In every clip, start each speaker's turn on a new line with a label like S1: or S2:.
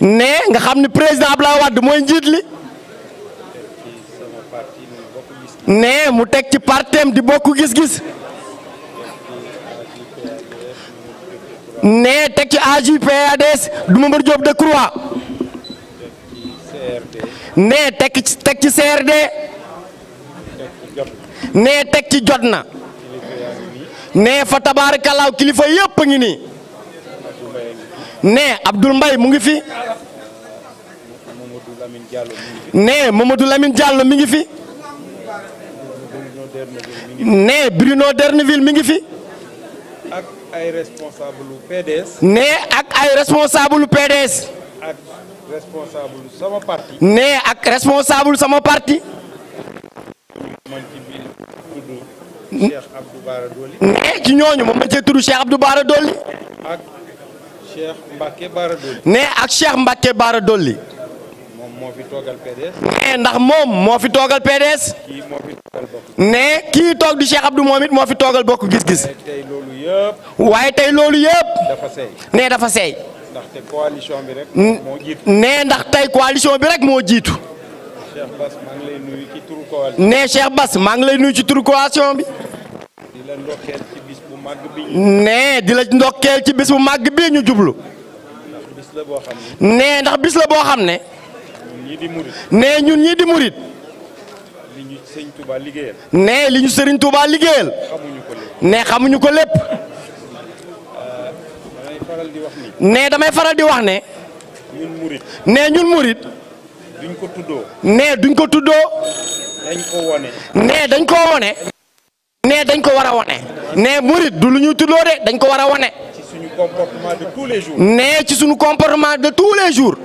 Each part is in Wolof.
S1: ne nga xam ni président Abdoulaye Wade mooy njiit li mu teg ci partem di bokk gis-gis ne teg ci AJPADS du Mamadou Diop Decroix ne teg ci teg ci CRD ne teg ci jot na ne fa tabaar kalaaw kilifa yëpp a ngi nii nee Abdoul mbay mu ngi fi. nee Mamadou Lamine Diallo mi ngi fi. nee Bruno Derneville mi ngi fi. ak ay responsable PDS. nee ak ay responsable PDS. ak responsable sama parti. nee ak responsable sama parti. nee ci ñooñu moom ma cee tudd Cheikh Abdou Bara Dolly. Cheikh Mbacke Baara Dolli. nee ak Cheikh Mbacke Baara Dolli. moom moo fi toogal PDS. nee ndax moom moo fi toogal PDS. kii moo fi toogal bokk. nee kii toog di Cheikh Abdou moom it moo fi toogal bokk gis-gis. waaye tey loolu yëpp. waaye loolu yëpp. dafa seey. nee dafa seey. ndaxte coalition bi rek. moo jiitu nee ndax tey coalition bi rek moo jiitu. Cheikh maa ngi lay nuyu nee Cheikh Bass maa ngi lay nuyu ci turu coalition bi. nee di la ndokkeel ci bis bu màgg bii ñu jublu nee ndax bis la boo xam ne nee ñun ñii di murit nee li ñu sëriñ Touba liggéeyal nee xamuñu ko lépp nee damay faral di wax ne nee ñun murit nee duñ ko tuddoo nee dañ ko wone nee dañ ko war a wane nee murit du lu ñu tuddoo de dañ ko war a wane. ci les jours. nee ci suñu comportement de tous les jours.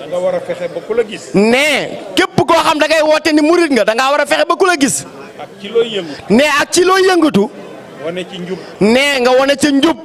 S1: da nga war a fexe ba ku gis. nee képp koo xam da ngay woote ni murit nga da ngaa a fexe ba ku la gis. yëngu. nee ak ci looy yëngatu. wane ci njub. nee nga wane ci njub.